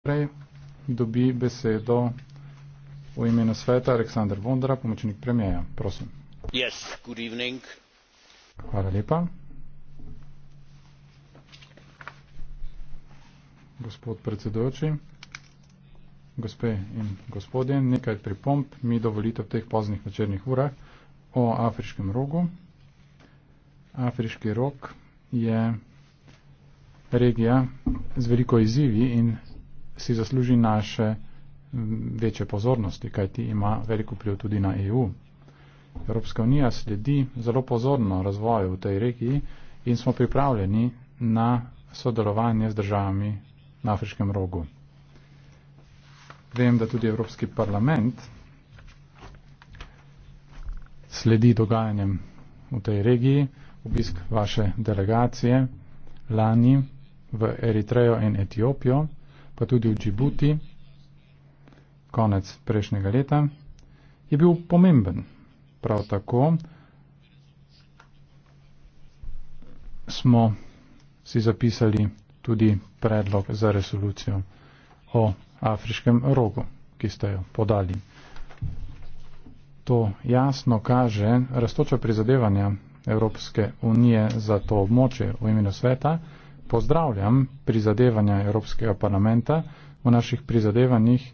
Prej dobi besedo v imenu sveta Aleksandar Vondra, pomočnik premijeja. Prosim. Yes, good evening. Hvala lepa. Gospod predsedujoči, gospe in gospodje, nekaj pripomp mi dovolite v teh poznih večernih urah o afriškem rogu. Afriški rog je regija z veliko izzivi in si zasluži naše večje pozornosti, kaj ti ima veliko pliv tudi na EU. Evropska unija sledi zelo pozorno razvoju v tej regiji in smo pripravljeni na sodelovanje z državami na afriškem rogu. Vem, da tudi Evropski parlament sledi dogajanjem v tej regiji, obisk vaše delegacije lani v Eritrejo in Etiopijo pa tudi v Džibuti konec prejšnjega leta, je bil pomemben. Prav tako smo si zapisali tudi predlog za resolucijo o afriškem rogu, ki ste jo podali. To jasno kaže raztoča prizadevanja Evropske unije za to območje v imenu sveta pozdravljam prizadevanja Evropskega parlamenta v naših prizadevanjih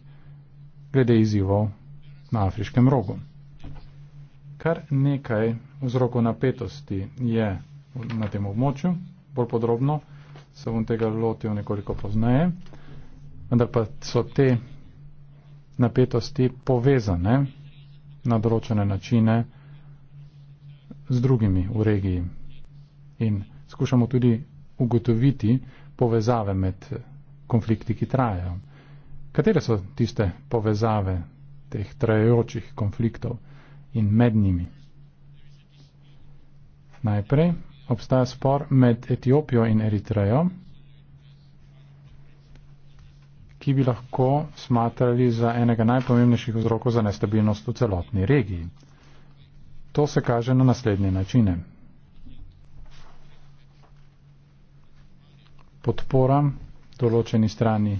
glede izzivov na afriškem rogu. Kar nekaj vzrokov napetosti je na tem območju, bolj podrobno se bom tega lotil nekoliko pozneje, vendar pa so te napetosti povezane na določene načine z drugimi v regiji. In skušamo tudi ugotoviti povezave med eh, konflikti, ki trajajo. Katere so tiste povezave teh trajajočih konfliktov in med njimi? Najprej obstaja spor med Etiopijo in Eritrejo, ki bi lahko smatrali za enega najpomembnejših vzrokov za nestabilnost v celotni regiji. To se kaže na naslednje načine. podporam določeni strani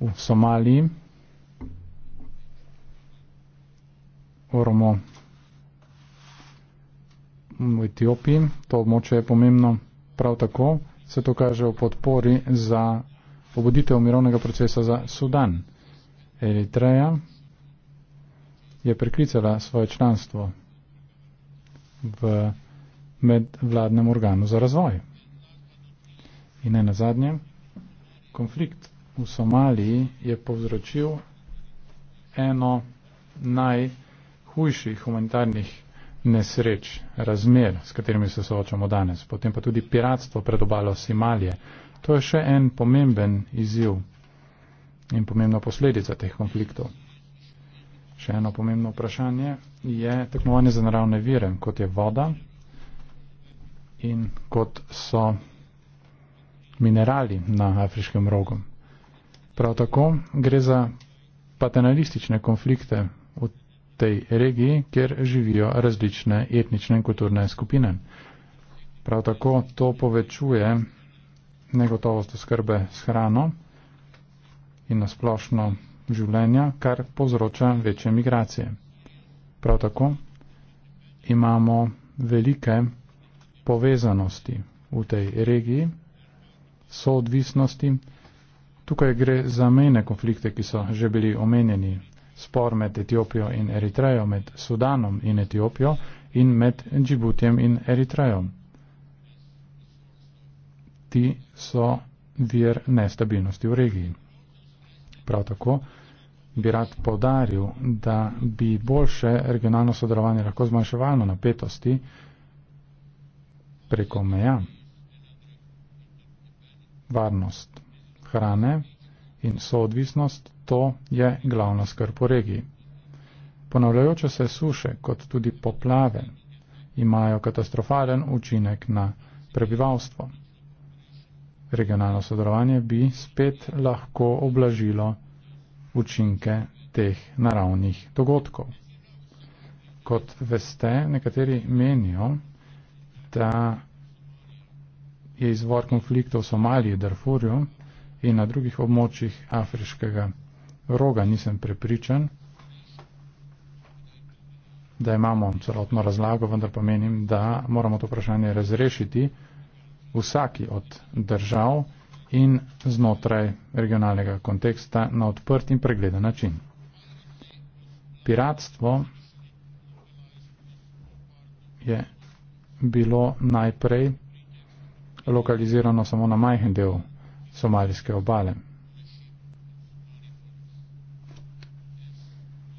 v Somaliji. Oromo v Etiopiji, to območje je pomembno. Prav tako se to kaže v podpori za oboditev mirovnega procesa za Sudan. Eritreja je priklicala svoje članstvo v medvladnem organu za razvoj. In ne na zadnje, konflikt v Somaliji je povzročil eno najhujših humanitarnih nesreč, razmer, s katerimi se soočamo danes, potem pa tudi piratstvo pred obalo Simalije. To je še en pomemben izziv in pomembna posledica teh konfliktov. Še eno pomembno vprašanje je tekmovanje za naravne vire, kot je voda in kot so minerali na afriškem rogu. Prav tako gre za paternalistične konflikte v tej regiji, kjer živijo različne etnične in kulturne skupine. Prav tako to povečuje negotovost oskrbe s hrano in nasplošno življenja, kar povzroča večje migracije. Prav tako imamo velike povezanosti v tej regiji, soodvisnosti. Tukaj gre za mejne konflikte, ki so že bili omenjeni. Spor med Etiopijo in Eritrejo, med Sudanom in Etiopijo in med Džibutjem in Eritrejo. Ti so vir nestabilnosti v regiji. Prav tako bi rad povdaril, da bi boljše regionalno sodelovanje lahko zmanjševalo napetosti preko meja varnost hrane in soodvisnost, to je glavna skrb po regiji. Ponavljajoče se suše, kot tudi poplave, imajo katastrofalen učinek na prebivalstvo. Regionalno sodelovanje bi spet lahko oblažilo učinke teh naravnih dogodkov. Kot veste, nekateri menijo, da je izvor konfliktov v Somaliji, Darfurju in na drugih območjih afriškega roga, nisem prepričan, da imamo celotno razlago, vendar pa menim, da moramo to vprašanje razrešiti vsaki od držav in znotraj regionalnega konteksta na odprt in pregleden način. Piratstvo je bilo najprej lokalizirano samo na majhen del somalijske obale.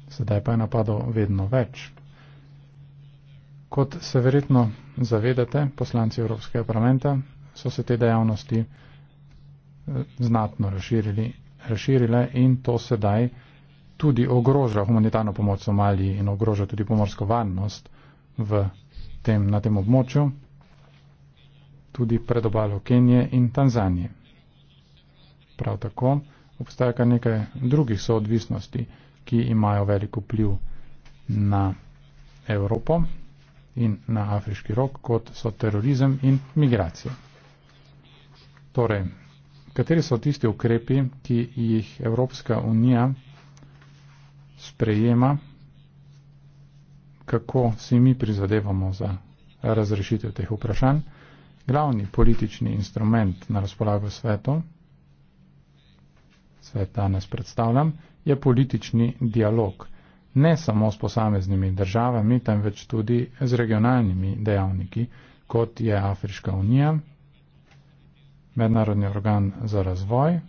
Sedaj pa je napadov vedno več. Kot se verjetno zavedate, poslanci Evropskega parlamenta so se te dejavnosti eh, znatno razširili, razširile in to sedaj tudi ogroža humanitarno pomoč Somaliji in ogroža tudi pomorsko varnost v tem, na tem območju tudi pred obalo Kenije in Tanzanije. Prav tako obstaja kar nekaj drugih soodvisnosti, ki imajo veliko pliv na Evropo in na afriški rok, kot so terorizem in migracije. Torej, kateri so tisti ukrepi, ki jih Evropska unija sprejema, kako si mi prizadevamo za razrešitev teh vprašanj? glavni politični instrument na razpolago svetu, svet danes predstavljam, je politični dialog. Ne samo s posameznimi državami, temveč tudi z regionalnimi dejavniki, kot je Afriška unija, Mednarodni organ za razvoj,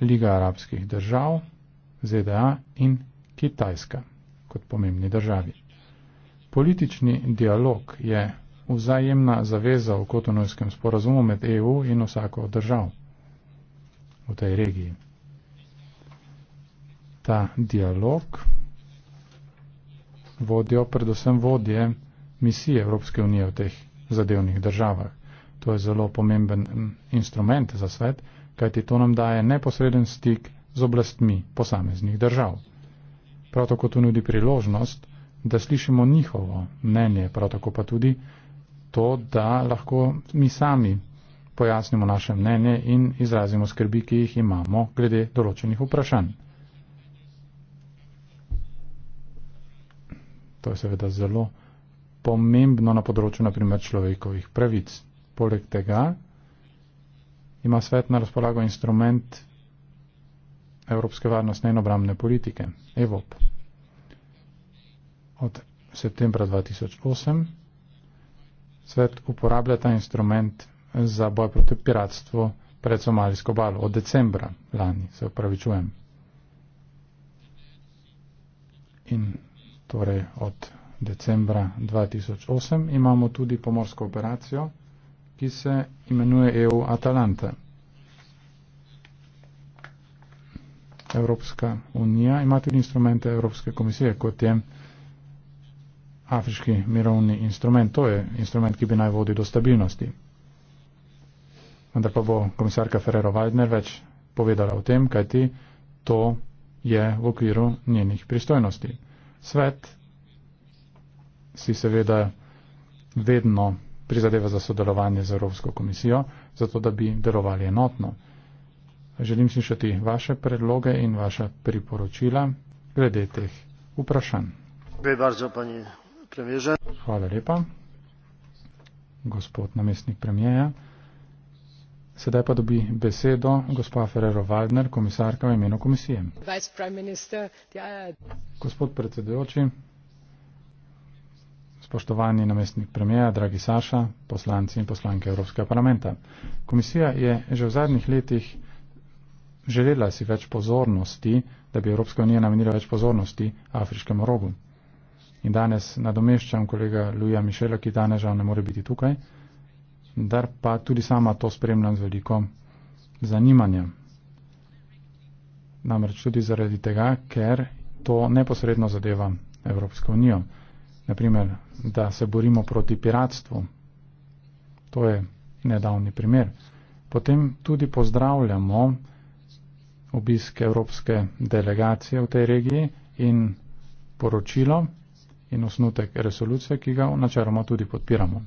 Liga arabskih držav, ZDA in Kitajska kot pomembni državi. Politični dialog je vzajemna zaveza v kotonojskem sporazumu med EU in vsako od držav v tej regiji. Ta dialog vodijo predvsem vodje misije Evropske unije v teh zadevnih državah. To je zelo pomemben instrument za svet, kajti to nam daje neposreden stik z oblastmi posameznih držav. Prav tako to nudi priložnost, da slišimo njihovo mnenje, prav tako pa tudi, to, da lahko mi sami pojasnimo naše mnenje in izrazimo skrbi, ki jih imamo glede določenih vprašanj. To je seveda zelo pomembno na področju naprimer človekovih pravic. Poleg tega ima svet na razpolago instrument Evropske varnostne in obramne politike, EVOP. Od septembra 2008 svet uporablja ta instrument za boj proti piratstvu pred Somalijsko balo od decembra lani, se upravičujem. In torej od decembra 2008 imamo tudi pomorsko operacijo, ki se imenuje EU Atalante. Evropska unija ima tudi instrumente Evropske komisije, kot je afriški mirovni instrument. To je instrument, ki bi naj vodil do stabilnosti. Vendar pa bo komisarka Ferrero Waldner več povedala o tem, kajti to je v okviru njenih pristojnosti. Svet si seveda vedno prizadeva za sodelovanje z Evropsko komisijo, zato da bi delovali enotno. Želim slišati vaše predloge in vaše priporočila glede teh vprašanj. Dziękuję bardzo pani Kleveža. Hvala lepa, gospod namestnik premijeja. Sedaj pa dobi besedo gospa Ferrero Waldner, komisarka v imenu komisije. Ja, ja. Gospod predsedujoči, spoštovani namestnik premijeja, dragi Saša, poslanci in poslanke Evropskega parlamenta. Komisija je že v zadnjih letih želela si več pozornosti, da bi Evropska unija namenila več pozornosti afriškemu rogu in danes nadomeščam kolega Luja Mišela, ki danes žal ne more biti tukaj, dar pa tudi sama to spremljam z veliko zanimanja. Namreč tudi zaradi tega, ker to neposredno zadeva Evropsko unijo. Naprimer, da se borimo proti piratstvu. To je nedavni primer. Potem tudi pozdravljamo obisk evropske delegacije v tej regiji in poročilo, in osnutek resolucije, ki ga v načeloma tudi podpiramo.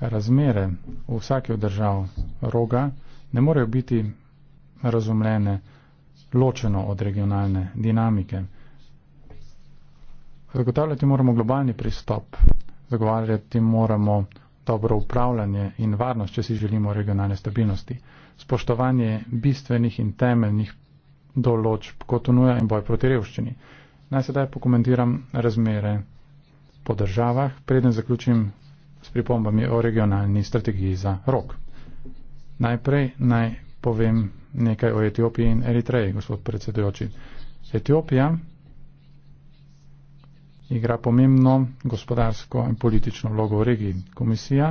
Razmere v vsaki od držav roga ne morejo biti razumljene ločeno od regionalne dinamike. Zagotavljati moramo globalni pristop, zagovarjati moramo dobro upravljanje in varnost, če si želimo regionalne stabilnosti. Spoštovanje bistvenih in temeljnih določb, kot unuja in boj proti revščini. Naj sedaj pokomentiram razmere po državah, preden zaključim s pripombami o regionalni strategiji za rok. Najprej naj povem nekaj o Etiopiji in Eritreji, gospod predsedujoči. Etiopija igra pomembno gospodarsko in politično vlogo v regiji. Komisija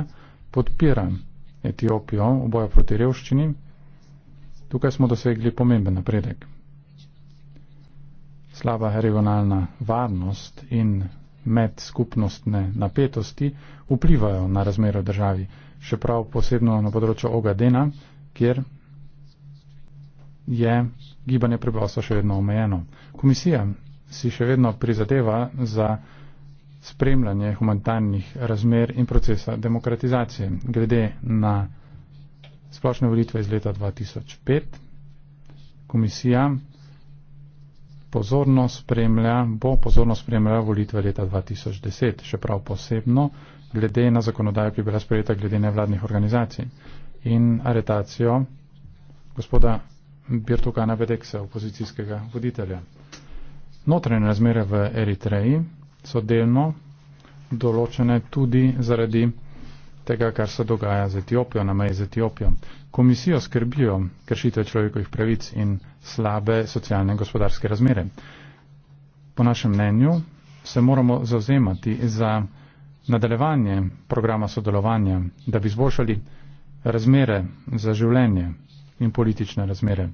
podpira Etiopijo v boju proti revščini. Tukaj smo dosegli pomemben napredek slaba regionalna varnost in medskupnostne napetosti vplivajo na razmero državi, še prav posebno na področju Ogadena, kjer je gibanje prebivalstva še vedno omejeno. Komisija si še vedno prizadeva za spremljanje humanitarnih razmer in procesa demokratizacije. Glede na splošne volitve iz leta 2005, komisija pozorno spremlja, bo pozorno spremljala volitve leta 2010, še prav posebno glede na zakonodajo, ki je bila sprejeta glede nevladnih organizacij in aretacijo gospoda Birtuka Nabedeksa, opozicijskega voditelja. Notranje razmere v Eritreji so delno določene tudi zaradi tega, kar se dogaja z Etiopijo, na meji z Etiopijo. Komisijo skrbijo kršitve človekovih pravic in slabe socialne in gospodarske razmere. Po našem mnenju se moramo zauzemati za nadaljevanje programa sodelovanja, da bi izboljšali razmere za življenje in politične razmere.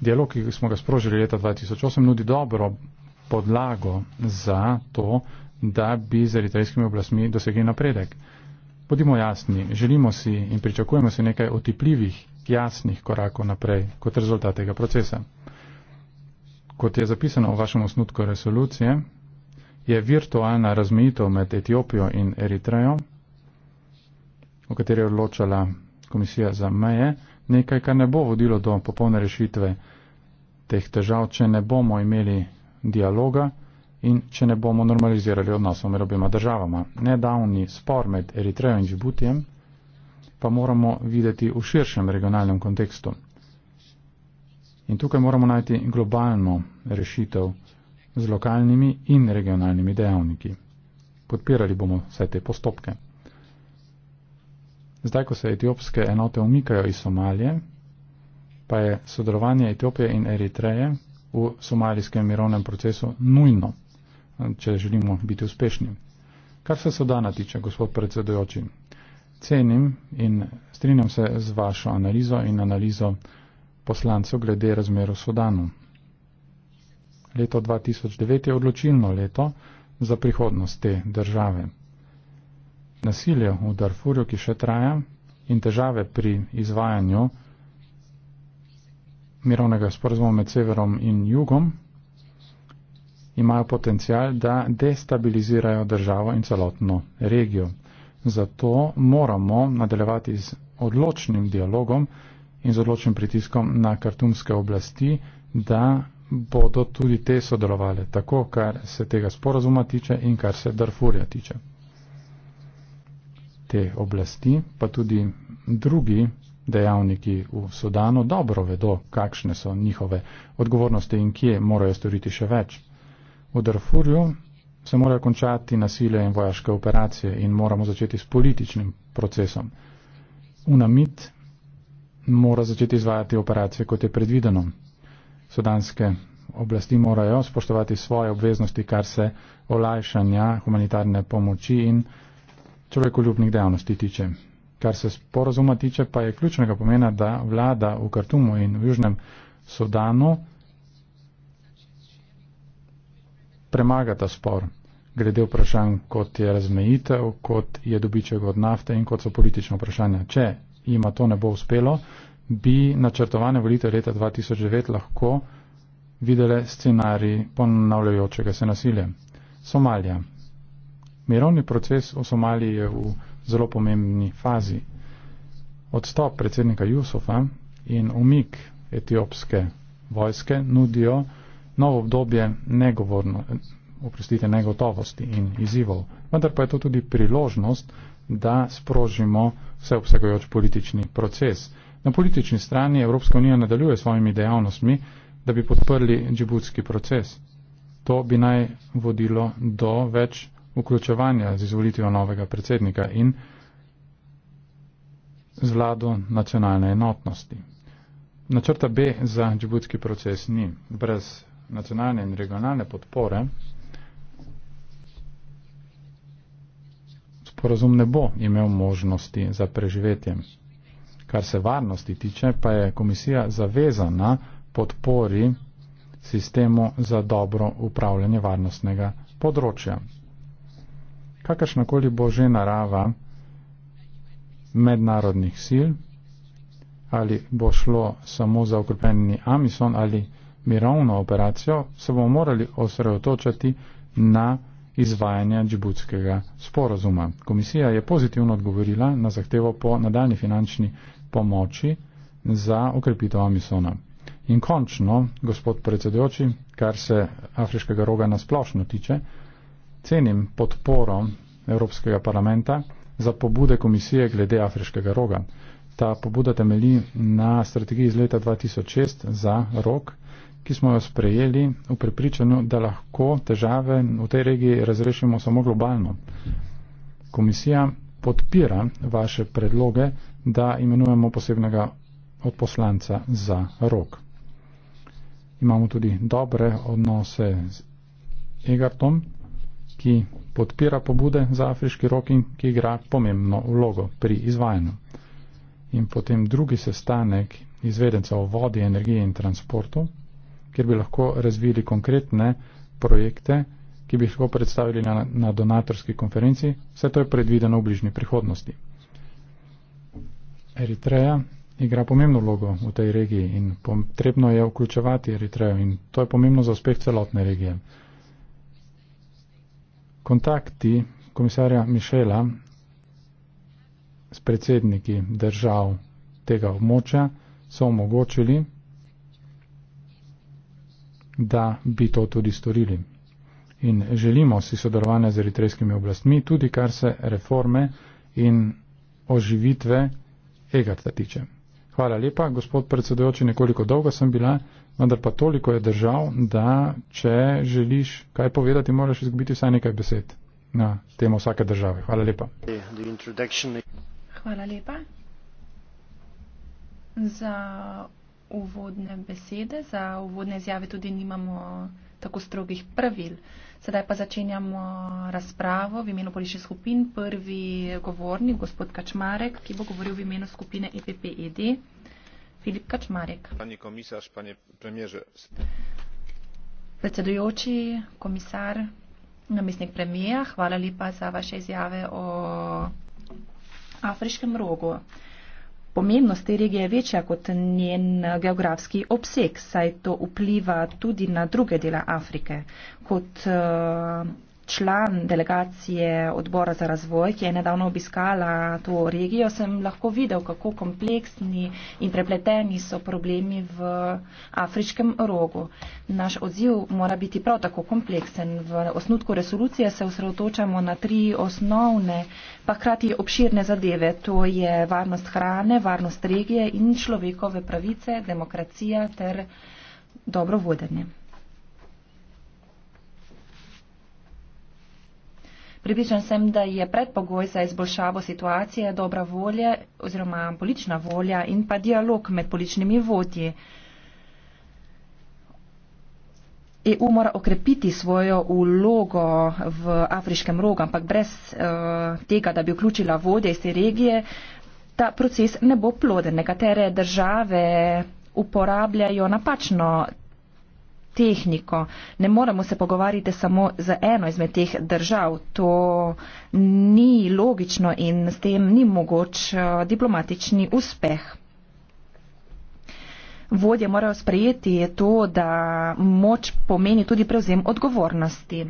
Dialog, ki smo ga sprožili leta 2008, nudi dobro podlago za to, da bi z eritrejskimi oblastmi dosegli napredek. Bodimo jasni, želimo si in pričakujemo si nekaj otipljivih, jasnih korakov naprej kot rezultat tega procesa. Kot je zapisano v vašem osnutku resolucije, je virtualna razmejitev med Etiopijo in Eritrejo, o kateri je odločala Komisija za meje, nekaj, kar ne bo vodilo do popolne rešitve teh težav, če ne bomo imeli dialoga in če ne bomo normalizirali odnosov med obima državama. Nedavni spor med Eritrejo in Džibutijem pa moramo videti v širšem regionalnem kontekstu. In tukaj moramo najti globalno rešitev z lokalnimi in regionalnimi dejavniki. Podpirali bomo vse te postopke. Zdaj, ko se etiopske enote umikajo iz Somalije, pa je sodelovanje Etiopije in Eritreje v somalijskem mirovnem procesu nujno če želimo biti uspešni. Kar se sodana tiče, gospod predsedojoči, cenim in strinjam se z vašo analizo in analizo poslancev glede razmer v sodanu. Leto 2009 je odločilno leto za prihodnost te države. Nasilje v Darfurju, ki še traja, in težave pri izvajanju mirovnega sporazuma med severom in jugom imajo potencial, da destabilizirajo državo in celotno regijo. Zato moramo nadaljevati z odločnim dialogom in z odločnim pritiskom na kartumske oblasti, da bodo tudi te sodelovali, tako kar se tega sporazuma tiče in kar se Darfurja tiče. Te oblasti, pa tudi drugi dejavniki v Sudanu dobro vedo, kakšne so njihove odgovornosti in kje morajo storiti še več. V Darfurju se morajo končati nasilje in vojaške operacije in moramo začeti s političnim procesom. UNAMID mora začeti izvajati operacije, kot je predvideno. Sudanske oblasti morajo spoštovati svoje obveznosti, kar se olajšanja humanitarne pomoči in človekoljubnih dejavnosti tiče. Kar se sporozuma tiče, pa je ključnega pomena, da vlada v Kartumu in v Južnem Sudanu premagata spor, glede vprašanj, kot je razmejitev, kot je dobiček od nafte in kot so politična vprašanja. Če ima to ne bo uspelo, bi načrtovane volitev leta 2009 lahko videle scenarij ponavljajočega se nasilja. Somalija. Mirovni proces v Somaliji je v zelo pomembni fazi. Odstop predsednika Jusofa in umik etiopske vojske nudijo novo obdobje negovorno, oprostite, negotovosti in izzivov. Vendar pa je to tudi priložnost, da sprožimo vseobsegajoč politični proces. Na politični strani Evropska unija nadaljuje svojimi dejavnostmi, da bi podprli džibutski proces. To bi naj vodilo do več vključevanja z izvolitvijo novega predsednika in z vlado nacionalne enotnosti. Načrta B za džibutski proces ni. Brez nacionalne in regionalne podpore, sporozum ne bo imel možnosti za preživetje. Kar se varnosti tiče, pa je komisija zavezana podpori sistemu za dobro upravljanje varnostnega področja. Kakršnakoli bo že narava mednarodnih sil, ali bo šlo samo za okrepeni Amison ali mirovno operacijo, se bomo morali osredotočati na izvajanje džibutskega sporozuma. Komisija je pozitivno odgovorila na zahtevo po nadaljni finančni pomoči za okrepitev Amisona. In končno, gospod predsedujoči, kar se afriškega roga nasplošno tiče, cenim podporo Evropskega parlamenta za pobude komisije glede afriškega roga. Ta pobuda temelji na strategiji iz leta 2006 za rok ki smo jo sprejeli v prepričanju, da lahko težave v tej regiji razrešimo samo globalno. Komisija podpira vaše predloge, da imenujemo posebnega odposlanca za rok. Imamo tudi dobre odnose z Egartom, ki podpira pobude za afriški rok in ki igra pomembno vlogo pri izvajanju. In potem drugi sestanek izvedenca o vodi, energiji in transportu, kjer bi lahko razvili konkretne projekte, ki bi jih lahko predstavili na, na donatorski konferenci. Vse to je predvideno v bližnji prihodnosti. Eritreja igra pomembno vlogo v tej regiji in potrebno je vključevati Eritrejo in to je pomembno za uspeh celotne regije. Kontakti komisarja Mišela s predsedniki držav tega območja so omogočili, da bi to tudi storili. In želimo si sodelovanja z eritrejskimi oblastmi, tudi kar se reforme in oživitve Egarta tiče. Hvala lepa, gospod predsedojoči, nekoliko dolgo sem bila, vendar pa toliko je držav, da če želiš kaj povedati, moraš izgubiti vsaj nekaj besed na temo vsake države. Hvala lepa. Hvala lepa za uvodne besede, za uvodne izjave tudi nimamo tako strogih pravil. Sedaj pa začenjamo razpravo v imenu političnih skupin. Prvi govornik, gospod Kačmarek, ki bo govoril v imenu skupine EPPED. Filip Kačmarek. Pani komisar, pani premijerže. Predsedujoči, komisar, namestnik premijeja, hvala lepa za vaše izjave o afriškem rogu pomembnost te regije je večja kot njen eh, geografski obseg, saj to vpliva tudi na druge dele Afrike, kot uh, član delegacije odbora za razvoj, ki je nedavno obiskala to regijo, sem lahko videl, kako kompleksni in prepleteni so problemi v afriškem rogu. Naš odziv mora biti prav tako kompleksen. V osnutku resolucije se osredotočamo na tri osnovne, pa hkrati obširne zadeve. To je varnost hrane, varnost regije in človekove pravice, demokracija ter dobro vodenje. Pripričan sem, da je predpogoj za izboljšavo situacije dobra volja oziroma politična volja in pa dialog med političnimi vodji. EU mora okrepiti svojo ulogo v afriškem rogu, ampak brez uh, tega, da bi vključila vode iz te regije, ta proces ne bo ploden. Nekatere države uporabljajo napačno tehniko. Ne moramo se pogovarjati samo z eno izmed teh držav. To ni logično in s tem ni mogoč eh, diplomatični uspeh. Vodje morajo sprejeti to, da moč pomeni tudi prevzem odgovornosti.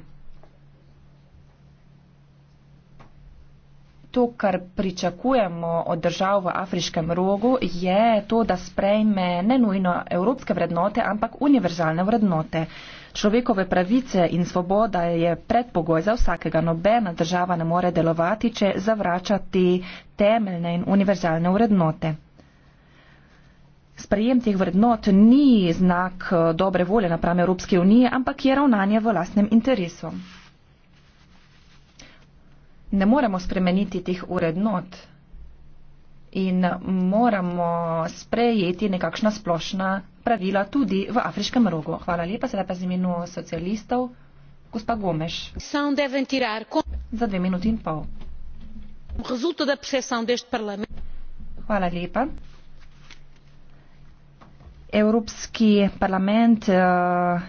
to, kar pričakujemo od držav v afriškem rogu, je to, da sprejme ne nujno evropske vrednote, ampak univerzalne vrednote. Človekove pravice in svoboda je predpogoj za vsakega. Nobena država ne more delovati, če zavrača te temeljne in univerzalne vrednote. Sprejem teh vrednot ni znak dobre volje napram Evropske unije, ampak je ravnanje v lastnem interesu ne moremo spremeniti tih urednot in moramo sprejeti nekakšna splošna pravila tudi v afriškem rogu. Hvala lepa, sedaj pa z imenu socialistov, gospa Gomeš. Za dve minuti in pol. Hvala lepa. Evropski parlament uh,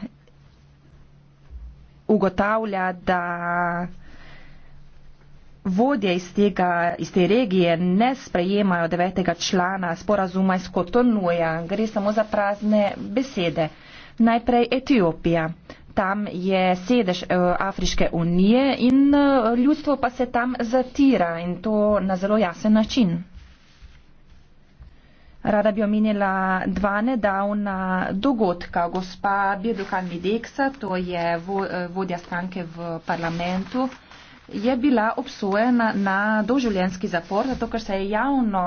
ugotavlja, da vodje iz, tega, iz te regije ne sprejemajo devetega člana sporazuma iz Kotonuja, gre samo za prazne besede. Najprej Etiopija. Tam je sedež eh, Afriške unije in eh, ljudstvo pa se tam zatira in to na zelo jasen način. Rada bi omenila dva nedavna dogodka. Gospa Birdukan Mideksa, to je eh, vodja stranke v parlamentu je bila obsojena na doživljenski zapor, zato ker se je javno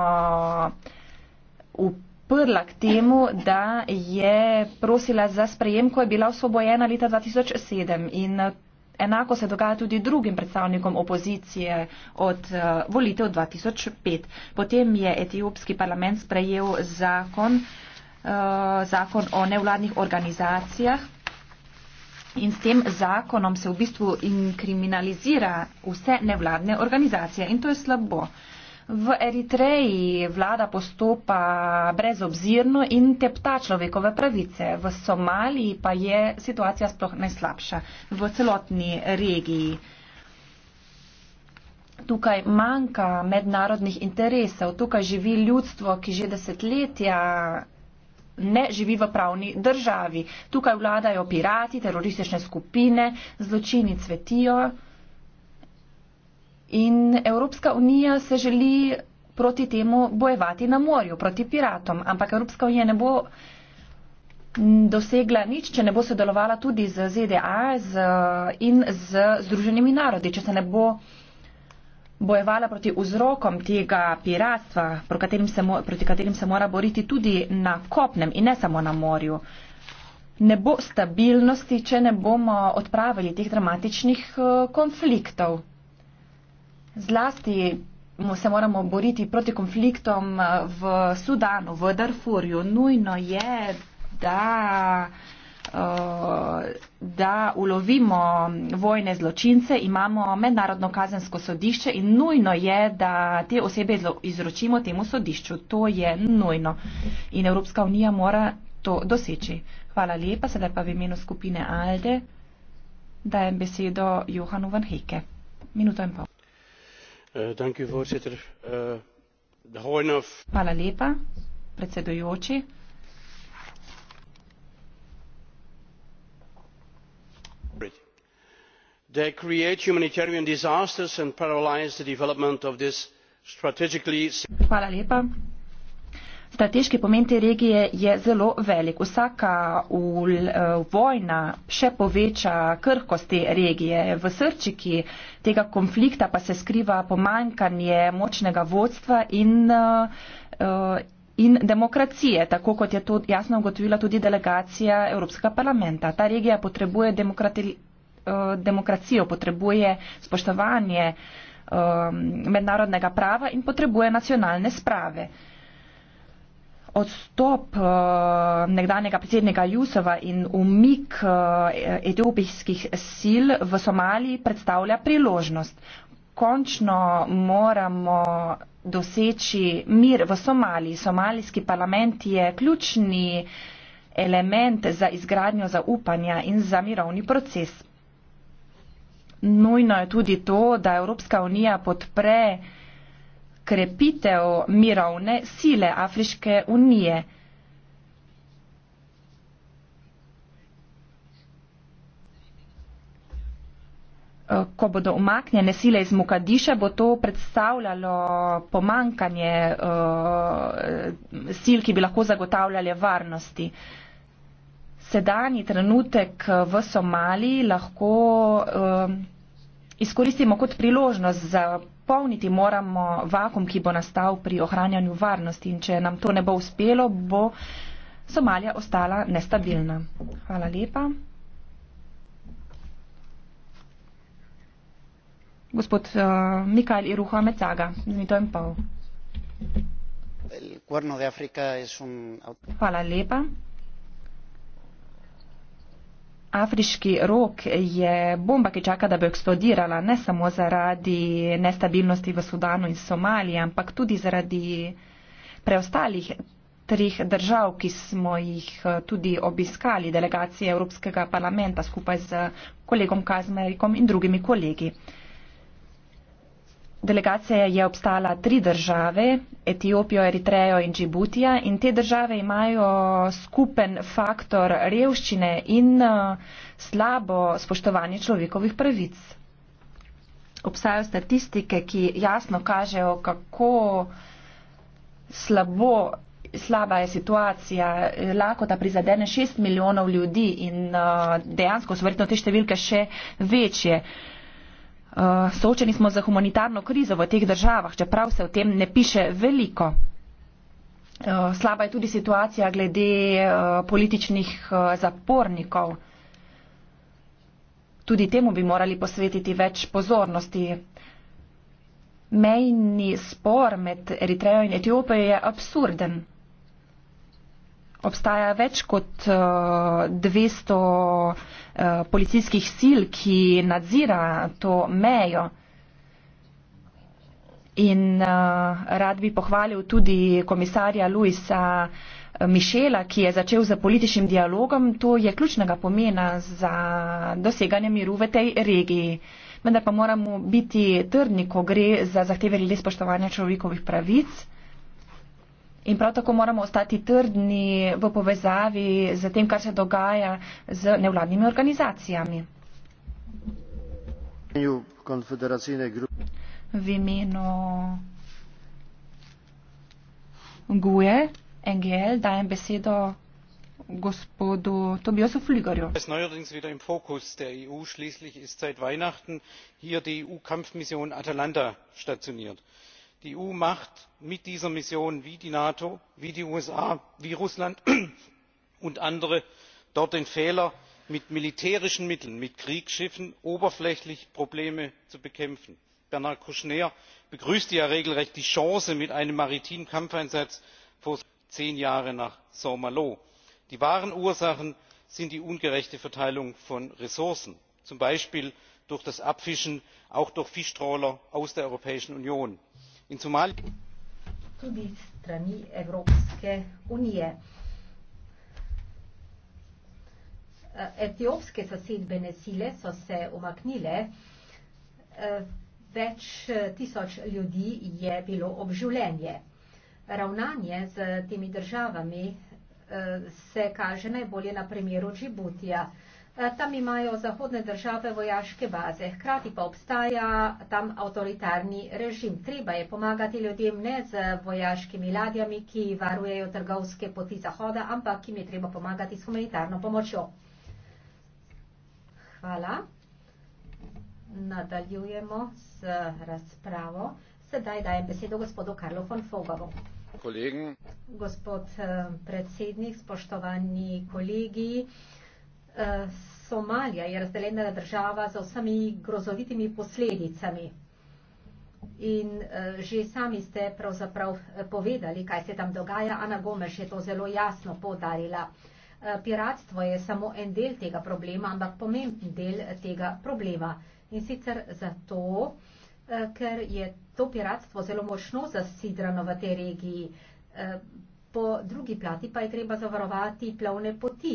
uprla k temu, da je prosila za sprejem, ko je bila osvobojena leta 2007. In eh, enako se dogaja tudi drugim predstavnikom opozicije od eh, volitev 2005. Potem je etiopski parlament sprejel zakon, eh, zakon o nevladnih organizacijah In s tem zakonom se v bistvu inkriminalizira vse nevladne organizacije in to je slabo. V Eritreji vlada postopa brezobzirno in tepta človekove pravice, v Somaliji pa je situacija sploh najslabša v celotni regiji. Tukaj manjka mednarodnih interesov, tukaj živi ljudstvo, ki že desetletja ne živi v pravni državi. Tukaj vladajo pirati, teroristične skupine, zločini cvetijo. In Evropska unija se želi proti temu bojevati na morju, proti piratom. Ampak Evropska unija ne bo dosegla nič, če ne bo sodelovala tudi z ZDA z, in z Združenimi narodi, če se ne bo bojevala proti vzrokom tega piratstva, proti katerim, se, proti katerim se mora boriti tudi na kopnem in ne samo na morju. Ne bo stabilnosti, če ne bomo odpravili teh dramatičnih eh, konfliktov. Zlasti se moramo boriti proti konfliktom eh, v Sudanu, v Darfurju. Nujno je, da. Eh, da ulovimo vojne zločince, imamo mednarodno kazensko sodišče in nujno je, da te osebe izročimo temu sodišču. To je nujno in Evropska unija mora to doseči. Hvala lepa, sedaj pa v imenu skupine Alde dajem besedo Johanu Van Heke. Minuto in pol. Eh, eh, Hvala lepa, predsedujoči. they create humanitarian disasters and paralyze the development of this strategically Strateški pomen te regije je zelo velik. Vsaka ul, eh, vojna še poveča krhkost te regije. V srčiki tega konflikta pa se skriva pomankanje močnega vodstva in, eh, in demokracije, tako kot je to jasno ugotovila tudi delegacija Evropskega parlamenta. Ta regija potrebuje demokrati, uh, demokracijo, potrebuje spoštovanje um, mednarodnega prava in potrebuje nacionalne sprave. Odstop uh, nekdanjega predsednika Jusova in umik uh, etiopijskih sil v Somaliji predstavlja priložnost. Končno moramo doseči mir v Somaliji. Somalijski parlament je ključni element za izgradnjo zaupanja in za mirovni proces nujno je tudi to, da Evropska unija podpre krepitev mirovne sile Afriške unije. Ko bodo umaknjene sile iz Mukadiša, bo to predstavljalo pomankanje uh, sil, ki bi lahko zagotavljali varnosti. Uh, sedanji trenutek eh, v Somaliji lahko eh, izkoristimo kot priložnost za. Popolniti moramo vakum, ki bo nastal pri ohranjanju varnosti in če nam to ne bo uspelo, bo Somalija ostala nestabilna. Hvala lepa. Gospod uh, eh, Mikael Iruha Mecaga, minuto in pol. Hvala lepa. Afriški rok je bomba, ki čaka, da bi eksplodirala ne samo zaradi nestabilnosti v Sudanu in Somaliji, ampak tudi zaradi preostalih trih držav, ki smo jih eh, tudi obiskali, delegacije Evropskega parlamenta skupaj z kolegom Kazmerikom in drugimi kolegi delegacije je obstala tri države, Etiopijo, Eritrejo in Džibutija in te države imajo skupen faktor revščine in eh, slabo spoštovanje človekovih pravic. Obstajajo statistike, ki jasno kažejo, kako slabo, slaba je situacija. Lahko ta prizadene 6 milijonov ljudi in eh, dejansko so verjetno te številke še večje. Eh, soočeni smo za humanitarno krizo v teh državah, čeprav se o tem ne piše veliko. Eh, slaba je tudi situacija glede eh, političnih zapornikov. Tudi temu bi morali posvetiti več pozornosti. Mejni spor med Eritrejo in Etiopijo je absurden obstaja več kot uh, 200 uh, policijskih sil, ki nadzira to mejo. In uh, rad bi pohvalil tudi komisarja Luisa eh, Mišela, ki je začel z političnim dialogom. To je ključnega pomena za doseganje miru v tej regiji. Vendar pa moramo biti trdni, ko gre za zahteve ljudi spoštovanja človekovih pravic. Uh, In prav tako moramo ostati trdni v povezavi z tem, kar se dogaja z nevladnimi organizacijami. V imenu GUE, NGL, dajem besedo gospodu Tobiosu Fligorju. E e Atalanta stacioniert die eu macht mit dieser mission wie die nato wie die usa wie russland und andere dort den fehler mit militärischen mitteln mit kriegsschiffen oberflächlich probleme zu bekämpfen. bernard kouchner begrüßte ja regelrecht die chance mit einem maritimen kampfeinsatz vor zehn jahren nach saint malo. die wahren ursachen sind die ungerechte verteilung von ressourcen zum beispiel durch das abfischen auch durch fischtrawler aus der europäischen union in somali. Tudi strani Evropske unije. E, etiopske zasedbene sile so se umaknile, e, več e, tisoč ljudi je bilo obživljenje. Ravnanje z temi državami se kaže najbolje na primeru Džibutija. Eh, tam imajo zahodne države vojaške baze, hkrati pa obstaja tam avtoritarni režim. Treba je pomagati ljudem ne z vojaškimi ladjami, ki varujejo trgovske poti zahoda, ampak jim je treba pomagati s humanitarno pomočjo. Hvala. Nadaljujemo z razpravo. Sedaj dajem besedo gospodu Karlo von Fogovo. Kolegen. Gospod eh, predsednik, spoštovani kolegi. Eh, Somalija je razdeljena država z vsemi grozovitimi posledicami. In eh, že sami ste pravzaprav eh, povedali, kaj se tam dogaja. Ana Gomes je to zelo jasno podarila. Piratstvo je samo en del tega problema, ampak pomemben del tega problema. In sicer zato, ker je to piratstvo zelo močno zasidrano v tej regiji. Po drugi plati pa je treba zavarovati plavne poti.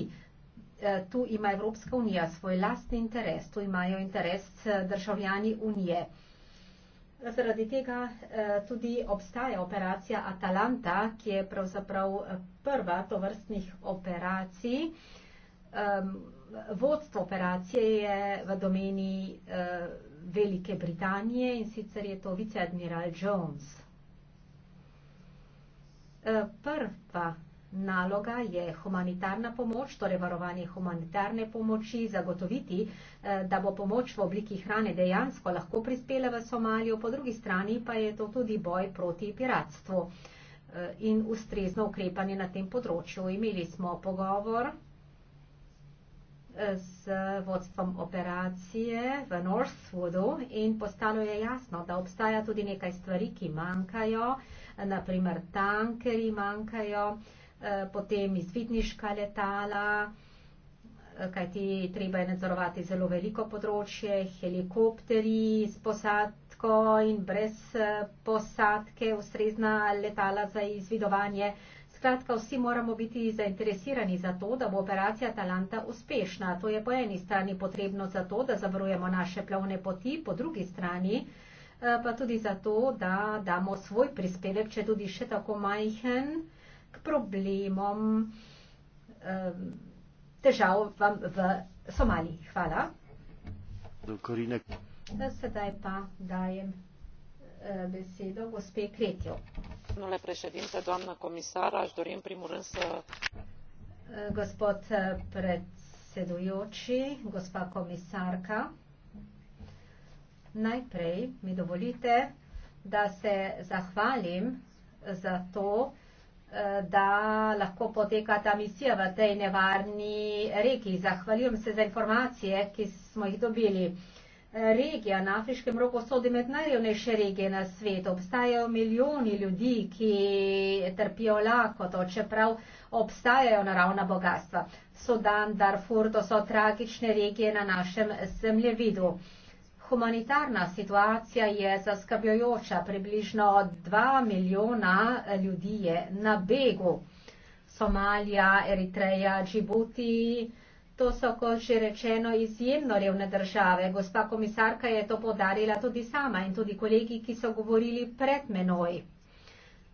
Eh, tu ima Evropska unija svoj lastni interes, tu imajo interes eh, državljani unije. Zaradi tega eh, tudi obstaja operacija Atalanta, ki je pravzaprav prva to vrstnih operacij. Vodstvo operacije je v domeni Velike Britanije in sicer je to viceadmiral Jones. Prva naloga je humanitarna pomoč, torej varovanje humanitarne pomoči, zagotoviti, eh, da bo pomoč v obliki hrane dejansko lahko prispela v Somalijo, po drugi strani pa je to tudi boj proti piratstvu eh, in ustrezno ukrepanje na tem področju. Imeli smo pogovor z eh, vodstvom operacije v Northwoodu in postalo je jasno, da obstaja tudi nekaj stvari, ki manjkajo, naprimer tankeri manjkajo, Eh, potem izvidniška letala, eh, kajti treba je nadzorovati zelo veliko področje, helikopteri s posadko in brez eh, posadke, ustrezna letala za izvidovanje. Skratka, vsi moramo biti zainteresirani za to, da bo operacija Talanta uspešna. To je po eni strani potrebno za to, da zavarujemo naše plovne poti, po drugi strani pa tudi za to, da damo svoj prispevek, če tudi še tako majhen, problemom, um, težav v, v Somaliji. Hvala. Dokorine. Sedaj pa dajem e, besedo gospe Kretjo. No, le prešedinca, domna komisara, Ždorim Primoren se. Gospod e, predsedujoči, gospa komisarka, najprej mi dovolite, da se zahvalim za to, da lahko poteka ta misija v tej nevarni regiji. Zahvaljujem se za informacije, ki smo jih dobili. Regija na Afriškem roku sodi med najrevnejše regije na svetu. Obstajajo milijoni ljudi, ki trpijo lako, to čeprav obstajajo naravna bogatstva. Sudan, Darfur, to so tragične regije na našem zemljevidu. Humanitarna situacija je zaskrbljujoča. Približno 2 milijona ljudi je na begu. Somalija, Eritreja, Džibuti, to so, kot že rečeno, izjemno revne države. Gospa komisarka je to podarila tudi sama in tudi kolegi, ki so govorili pred menoj.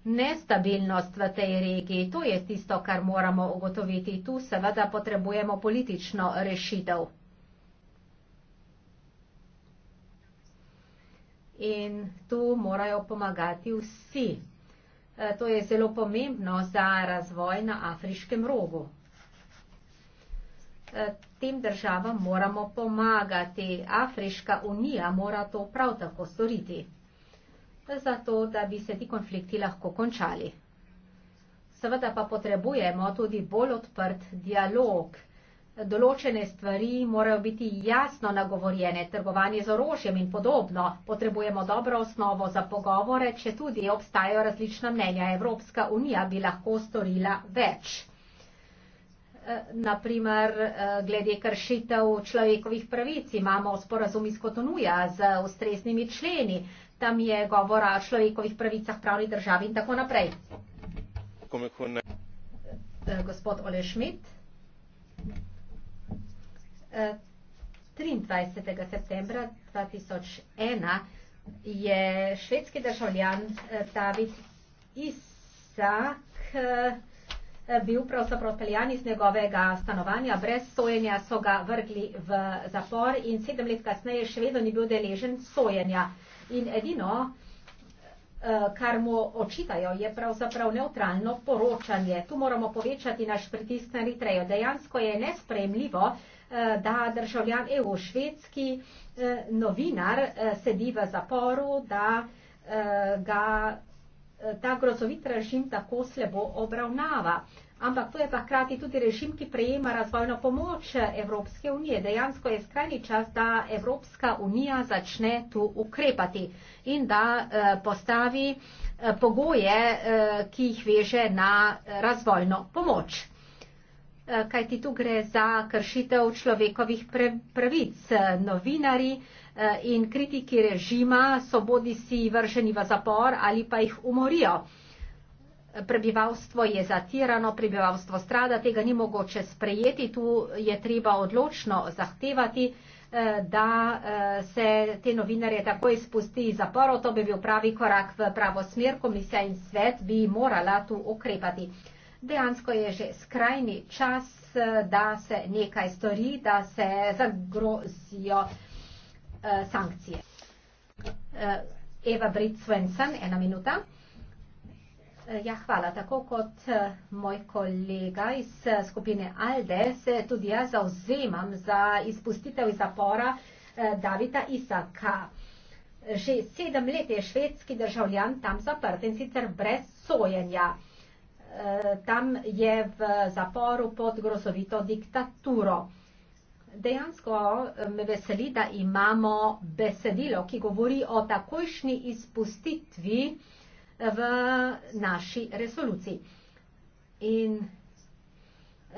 Nestabilnost v tej regiji, to je tisto, kar moramo ugotoviti. Tu seveda potrebujemo politično rešitev. in tu morajo pomagati vsi. E, to je zelo pomembno za razvoj na afriškem rogu. E, tem državam moramo pomagati. Afriška unija mora to prav tako storiti, zato da bi se ti konflikti lahko končali. Seveda pa potrebujemo tudi bolj odprt dialog določene stvari morajo biti jasno nagovorjene, trgovanje z orožjem in podobno. Potrebujemo dobro osnovo za pogovore, če tudi obstajajo različna mnenja. Evropska unija bi lahko storila več. Eh, Naprimer, eh, glede kršitev človekovih pravic imamo sporazum iz Kotonuja z ustreznimi členi. Tam je govora o človekovih pravicah pravni državi in tako naprej. Eh, gospod Ole Schmidt. 23. Eh, septembra 2001 je švedski državljan eh, David Isak eh, bil pravzaprav peljan iz njegovega stanovanja, brez sojenja so ga vrgli v zapor in sedem let kasneje še vedno ni bil deležen sojenja. In edino, kar mu očitajo, je pravzaprav neutralno poročanje. Tu moramo povečati naš pritisk na Eritrejo. Dejansko je nespremljivo, da državljan EU švedski eh, novinar eh, sedi v zaporu, da eh, ga ta grozovit režim tako slabo obravnava. Ampak to je pa hkrati tudi režim, ki prejema razvojno pomoč Evropske unije. Dejansko je skrajni čas, da Evropska unija začne tu ukrepati in da postavi pogoje, ki jih veže na razvojno pomoč. Eh, kaj ti tu gre za kršitev človekovih pravic. Novinari eh, in kritiki režima so bodi si vrženi v zapor ali pa jih umorijo. Prebivalstvo je zatirano, prebivalstvo strada, tega ni mogoče sprejeti, tu je treba odločno zahtevati, eh, da se te novinarje tako izpusti iz zaporov, to bi bil pravi korak v pravo smer, komisija in svet bi morala tu okrepati dejansko je že skrajni čas, eh, da se nekaj stori, da se zagrozijo eh, sankcije. Eh, Eva Brit Svensson, ena minuta. Ja, hvala. Tako kot moj kolega iz skupine ALDE se tudi jaz zauzemam za izpustitev iz zapora Davida Isaka. Že sedem let je švedski državljan tam zaprt in sicer brez sojenja. Eh, tam je v zaporu pod grozovito diktaturo. Dejansko eh, me veseli, da imamo besedilo, ki govori o takojšnji izpustitvi eh, v naši resoluciji. In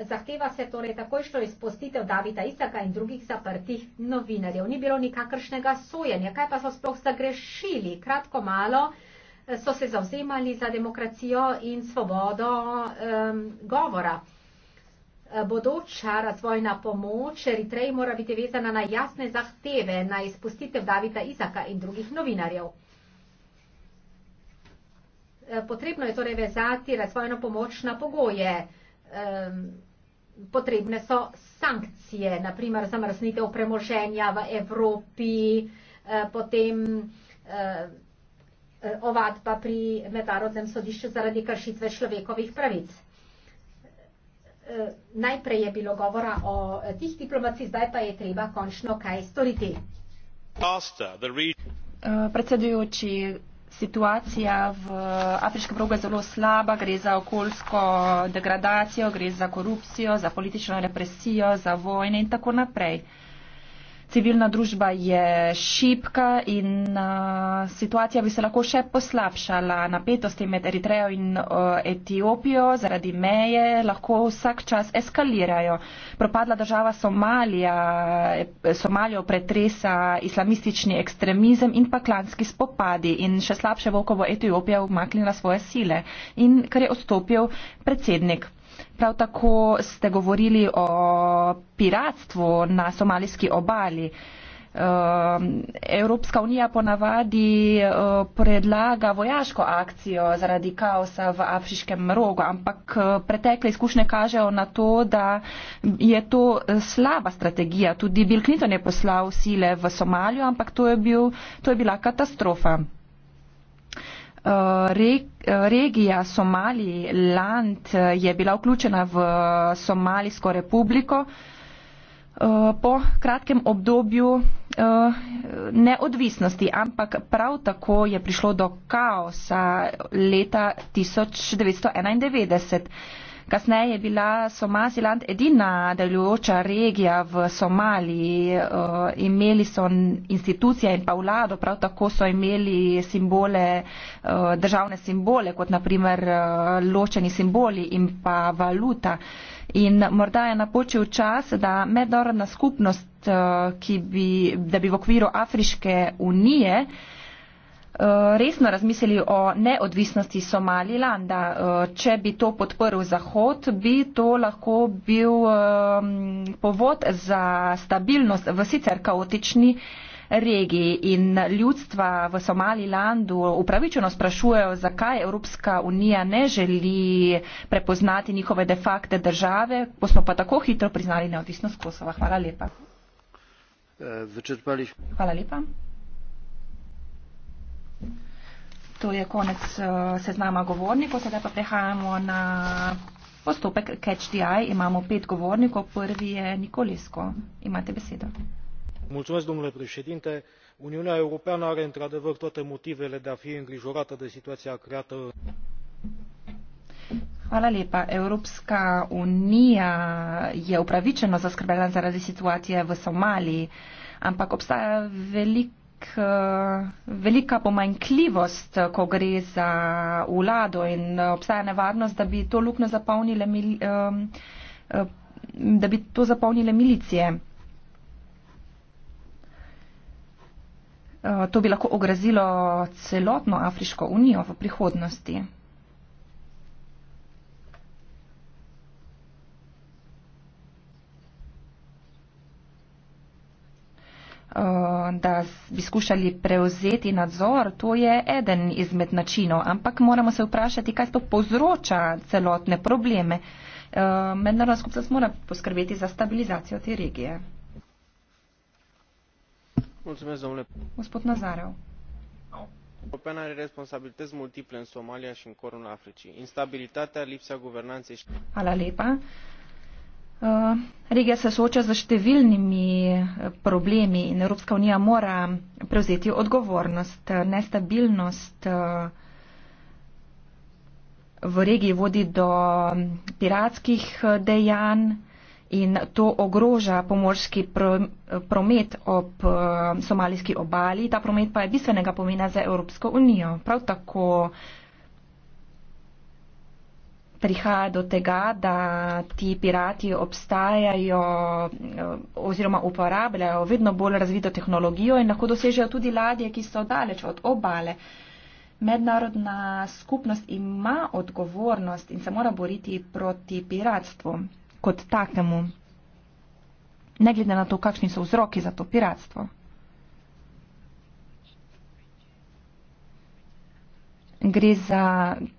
zahteva se torej takojšno izpustitev Davida Isaka in drugih zaprtih novinarjev. Ni bilo nikakršnega sojenja. Kaj pa so sploh zagrešili? Kratko malo. Uh, so se zauzemali za demokracijo in svobodo um, govora. Bodoča razvojna pomoč Eritreji mora biti vezana na jasne zahteve na izpustitev Davida Izaka in drugih novinarjev. E, potrebno je torej vezati razvojno pomoč na pogoje. Potrebne so sankcije, naprimer zamrznitev premoženja v Evropi, e, potem e, Eh, ovadba pri mednarodnem sodišču zaradi kršitve človekovih pravic. Eh, najprej je bilo govora o eh, tih diplomacij, zdaj pa je treba končno kaj storiti. Uh, predsedujoči, situacija v Afriškem rogu je zelo slaba, gre za okoljsko degradacijo, gre za korupcijo, za politično represijo, za vojne in tako naprej. Uh, civilna družba je šipka in uh, situacija bi se lahko še poslabšala. Napetosti med Eritrejo in uh, Etiopijo zaradi meje lahko vsak čas eskalirajo. Propadla država Somalija, Somalijo pretresa islamistični ekstremizem in pa klanski spopadi in še slabše bo, ko bo Etiopija umaknila svoje sile in kar je odstopil predsednik. Prav tako ste govorili o piratstvu na somalijski obali. Ehm, Evropska unija ponavadi eh, predlaga vojaško akcijo zaradi kaosa v afriškem rogu, ampak eh, pretekle izkušnje kažejo na to, da je to eh, slaba strategija. Tudi Bill Clinton je poslal sile v Somalijo, ampak to je, bil, to je bila katastrofa. Rek regija Somaliland je bila vključena v Somalijsko republiko eh, po kratkem obdobju eh, neodvisnosti, ampak prav tako je prišlo do kaosa leta 1991. Kasneje je bila Somaziland edina delujoča regija v Somaliji. Uh, imeli so institucije in pa vlado, prav tako so imeli simbole, uh, državne simbole, kot naprimer uh, eh, ločeni simboli in pa valuta. In morda je napočil čas, da mednarodna skupnost, uh, ki bi, da bi v okviru Afriške unije uh, Eh, resno razmislili o neodvisnosti Somalilanda. Eh, če bi to podporil Zahod, bi to lahko bil povod za stabilnost v sicer kaotični regiji in ljudstva v Somalilandu upravičeno sprašujejo, zakaj Evropska unija ne želi prepoznati njihove de facto države, ko smo pa tako hitro priznali neodvisnost Kosova. Hvala lepa. Eh, Hvala lepa. To je konec uh, seznama govornikov, sedaj pa prehajamo na postopek Catch the Eye. Imamo pet govornikov, prvi je Nikolesko. Imate besedo. Mulțumesc, domnule președinte. Uniunea Europeană are într-adevăr toate motivele de a fi îngrijorată de situația creată. Hvala lepa. Evropska unija je upravičeno zaskrbljena zaradi situacije v Somaliji, ampak obstaja veliko nek, eh, velika pomanjkljivost, ko gre za vlado in eh, obstaja nevarnost, da bi to lukno zapolnile, da bi to zapolnile milicije. Eh, to bi lahko ogrozilo celotno Afriško unijo v prihodnosti. Eh, da bi skušali prevzeti nadzor, to je eden izmed načinov, ampak moramo se vprašati, kaj to povzroča celotne probleme. Eh, mednarodna skupnost mora poskrbeti za stabilizacijo te regije. Gospod Nazarev. Europeana are responsabilități multiple în Somalia și în Corul Africii. Instabilitatea, lipsa guvernanței și... Hala lepa. Uh, Eh, regija se sooča z številnimi eh, problemi in Evropska unija mora prevzeti odgovornost. Eh, nestabilnost v regiji vodi do mm, piratskih dejanj in to ogroža pomorski promet ob somalijski obali. Ta promet pa je bistvenega pomena za Evropsko unijo. Prav tako prihaja do tega, da ti pirati obstajajo eh, oziroma uporabljajo vedno bolj razvito tehnologijo in lahko dosežejo tudi ladje, ki so daleč od obale. Mednarodna skupnost ima odgovornost in se mora boriti proti piratstvu kot takemu, ne glede na to, kakšni so vzroki za to piratstvo. Gre za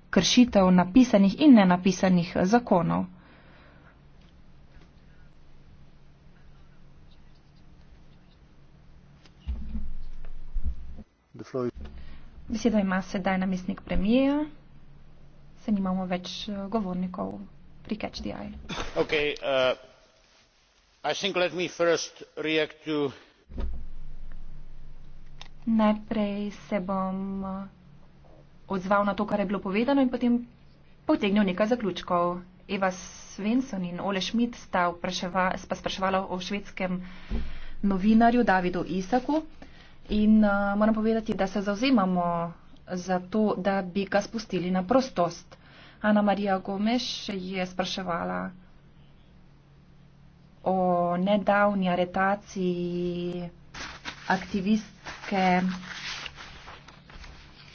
kršitev napisanih in nenapisanih zakonov. Beseda ima sedaj namestnik premijeja, se nimamo več eh, govornikov pri Catch the Eye. Okay, uh, I think let me first react to... Najprej se bom odzval na to, kar je bilo povedano in potem potegnil nekaj zaključkov. Eva Svensson in Ole Schmidt sta spraševa, spraševala o švedskem novinarju Davidu Isaku in uh, moram povedati, da se zauzemamo za to, da bi ga spustili na prostost. Ana Marija Gomes je spraševala o nedavni aretaciji aktivistke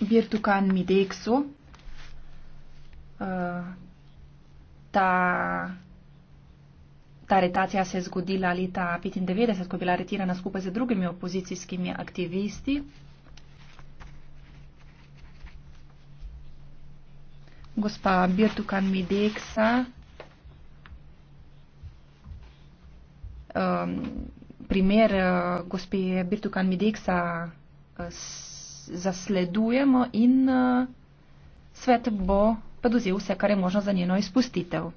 Virtukan Mideksu. Uh, ta, ta aretacija se je zgodila leta 1995, ko je bila aretirana skupaj z drugimi opozicijskimi aktivisti. Gospa Birtukan Mideksa um, primer uh, gospe Birtukan Mideksa uh, zasledujemo in uh, svet bo podozil vse, kar je možno za njeno izpustitev.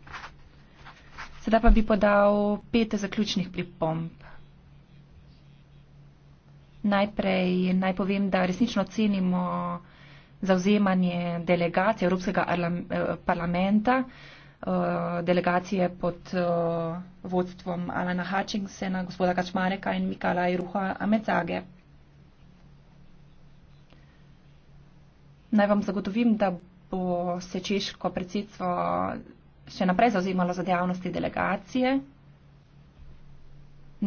Sedaj pa bi podal pet zaključnih pripomb. Najprej naj povem, da resnično cenimo zauzemanje delegacije Evropskega eh, parlamenta, eh, delegacije pod vodstvom Alana Hutchinsona, gospoda Kačmareka in Mikala Iruha Amecage. Naj vam zagotovim, da bo se češko predsedstvo še naprej zauzemalo za dejavnosti delegacije.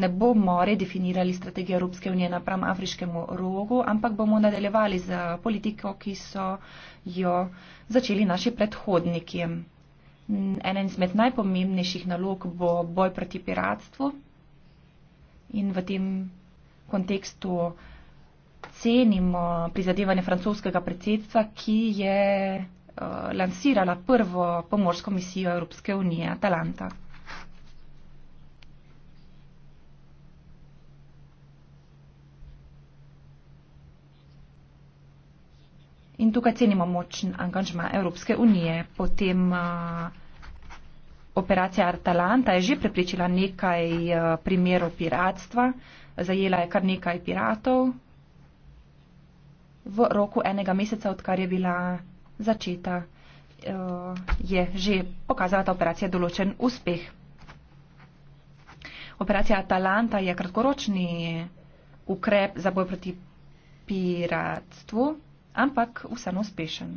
Ne bomo redefinirali strategije Evropske unije napram afriškemu rogu, ampak bomo nadaljevali z politiko, ki so jo začeli naši predhodniki. Ena izmed najpomembnejših nalog bo boj proti piratstvu in v tem kontekstu cenim prizadevanje francoskega predsedstva, ki je eh, lansirala prvo pomorsko misijo Evropske unije, Atalanta. In tukaj cenimo močen angažma Evropske unije. Potem eh, operacija Atalanta je že prepričala nekaj eh, primerov piratstva, zajela je kar nekaj piratov v roku enega meseca, odkar je bila začeta, eh, je že pokazala ta operacija določen uspeh. Operacija Atalanta je kratkoročni ukrep za boj proti piratstvu, ampak vseeno uspešen.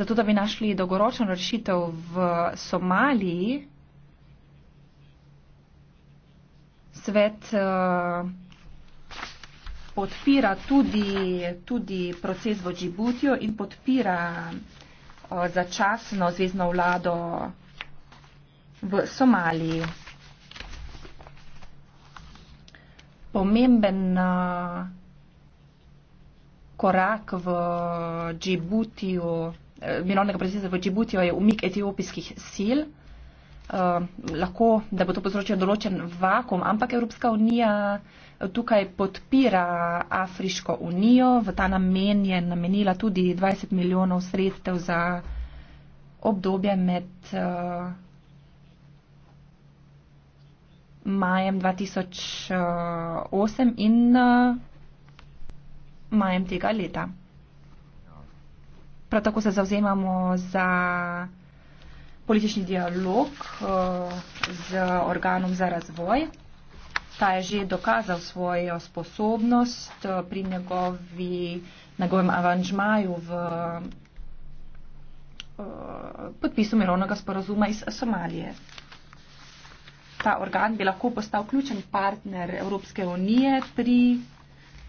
Zato, da bi našli dolgoročno rešitev v Somaliji, svet. Uh, podpira tudi, tudi proces v Džibutiju in podpira začasno zvezdno vlado v Somaliji. Pomemben korak v Džibutiju, mirovnega procesa v Džibutiju je umik etiopijskih sil. Uh, lahko, da bo to povzročilo določen vakum, ampak Evropska unija uh, tukaj podpira Afriško unijo, v ta namen je namenila tudi 20 milijonov sredstev za obdobje med uh, majem 2008 eh, in uh, majem tega leta. Prav tako se zauzemamo za politični dialog uh, z organom za razvoj ta je že dokazal svojo sposobnost eh, pri njegovi, njegovem avanžmaju v eh, podpisu mirovnega sporazuma iz Somalije. Ta organ bi lahko postal ključen partner Evropske unije pri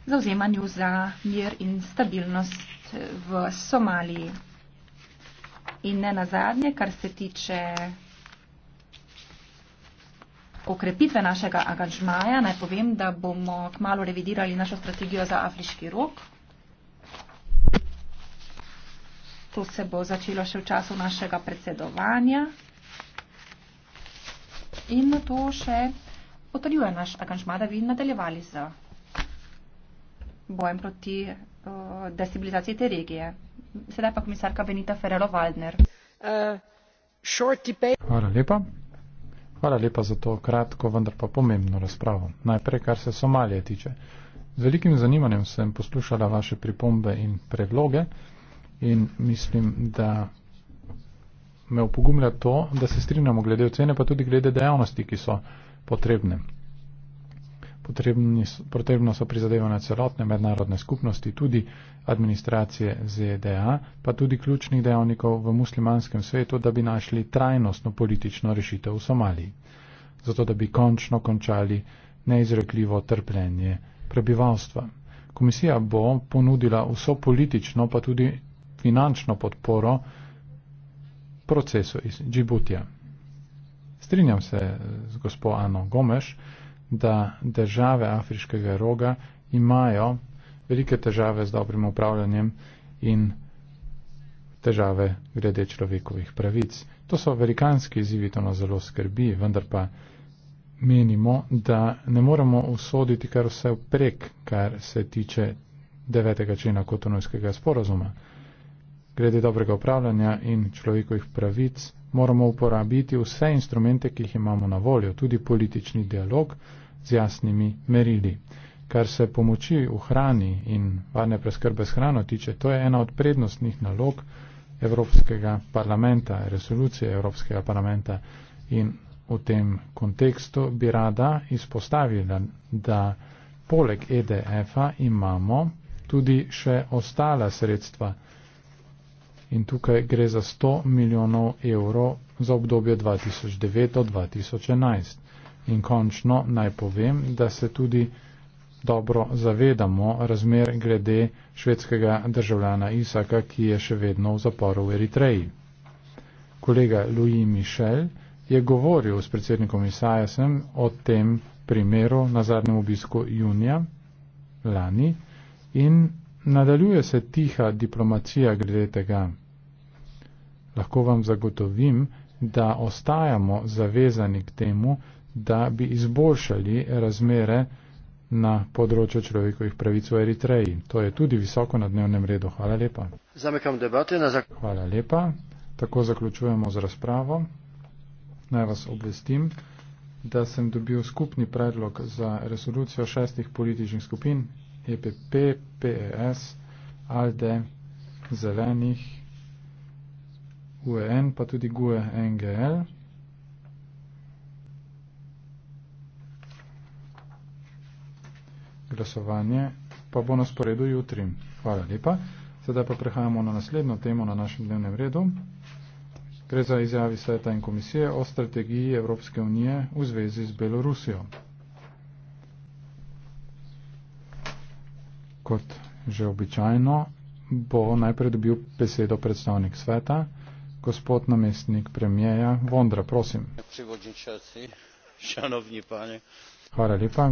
zauzemanju za mir in stabilnost eh, v Somaliji. In ne nazadnje, kar se tiče okrepitve našega angažmaja, naj povem, da bomo kmalo revidirali našo strategijo za afriški rok. To se bo začelo še v času našega predsedovanja. In to še potrjuje naš angažma, da bi nadaljevali z bojem proti uh, destabilizaciji te regije. Sedaj pa komisarka Benita Ferrero-Waldner. Uh, Hvala lepa. Hvala lepa za to kratko, vendar pa pomembno razpravo. Najprej, kar se Somalije tiče. Z velikim zanimanjem sem poslušala vaše pripombe in predloge in mislim, da me opogumlja to, da se strinjamo glede ocene, pa tudi glede dejavnosti, ki so potrebne potrebno so prizadevanja celotne mednarodne skupnosti, tudi administracije ZDA, pa tudi ključnih dejavnikov v muslimanskem svetu, da bi našli trajnostno politično rešitev v Somaliji, zato da bi končno končali neizrekljivo trpljenje prebivalstva. Komisija bo ponudila vso politično, pa tudi finančno podporo procesu iz Džibutija. Strinjam se z gospo Ano Gomeš, da države afriškega roga imajo velike težave z dobrim upravljanjem in težave glede človekovih pravic. To so velikanski izzivi, to nas zelo skrbi, vendar pa menimo, da ne moremo usoditi kar vse prek, kar se tiče 9. člena kotonojskega sporazuma. Glede dobrega upravljanja in človekovih pravic moramo uporabiti vse instrumente, ki jih imamo na voljo, tudi politični dialog, z jasnimi merili. Kar se pomoči v hrani in varne preskrbe s hrano tiče, to je ena od prednostnih nalog Evropskega parlamenta, resolucije Evropskega parlamenta. In v tem kontekstu bi rada izpostavila, da poleg EDF-a imamo tudi še ostala sredstva, in tukaj gre za 100 milijonov evrov za obdobje 2009 do 2011. In končno naj povem, da se tudi dobro zavedamo razmer glede švedskega državljana Isaka, ki je še vedno v zaporu v Eritreji. Kolega Louis Michel je govoril s predsednikom Isajasem o tem primeru na zadnjem obisku junija lani in nadaljuje se tiha diplomacija glede tega lahko vam zagotovim, da ostajamo zavezani k temu, da bi izboljšali razmere na področju človekovih pravic v Eritreji. To je tudi visoko na dnevnem redu. Hvala lepa. Zamekam debate na zak. Hvala lepa. Tako zaključujemo z razpravo. Naj vas obvestim, da sem dobil skupni predlog za resolucijo šestih političnih skupin EPP, PES, ALDE, Zelenih, UEN pa tudi GUE NGL. Glasovanje pa bo na sporedu jutri. Hvala lepa. Sedaj pa prehajamo na naslednjo temo na našem dnevnem redu. Gre za izjavi sveta in komisije o strategiji Evropske unije v zvezi z Belorusijo. Kot že običajno bo najprej dobil besedo predstavnik sveta gospod namestnik premijeja Vondra, prosim. Hvala lepa.